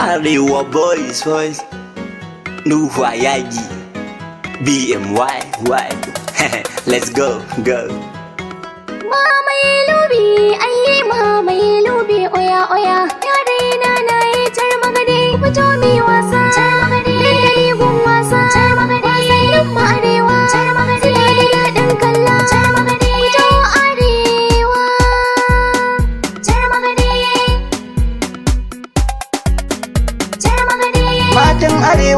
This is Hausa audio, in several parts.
Aliwa boys boys New Wayaji BMY Let's go go Mama lubi ayi mama lubi oya oya yare na na yi tar magani mutomi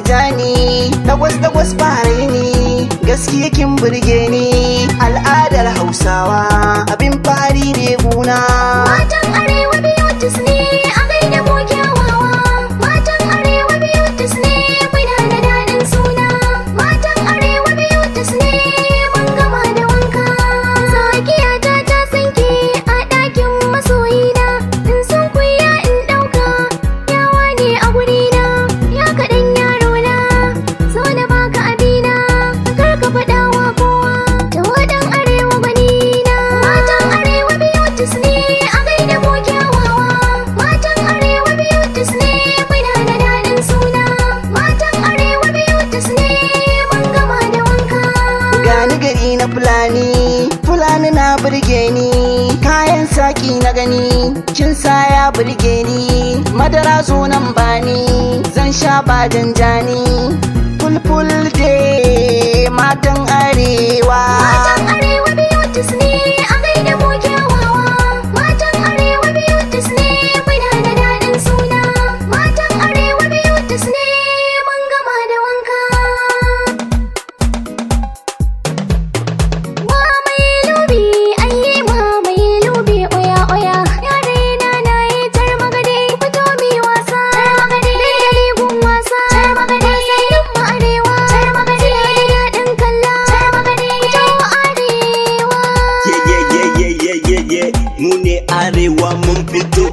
murjani dagwas dagwas fare ni gaskiya kin burge ni al'adar hausawa abin fari ne guna na fulani fulani na burge ni kayan saki na gani kin sa ya burge ni madara zo nan bani zan sha ba janjani fulful dai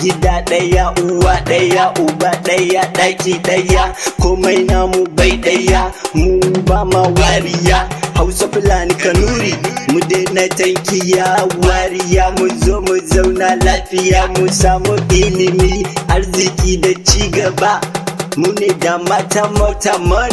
gida ɗaya uwa ɗaya uba ɗaya ɗaki ɗaya komai namu bai ɗaya mu ba ma wariya hausa fulani kanuri mu daina tankiya wariya mu zo mu zauna lafiya mu samu ilimi arziki da cigaba mu ne da mata mota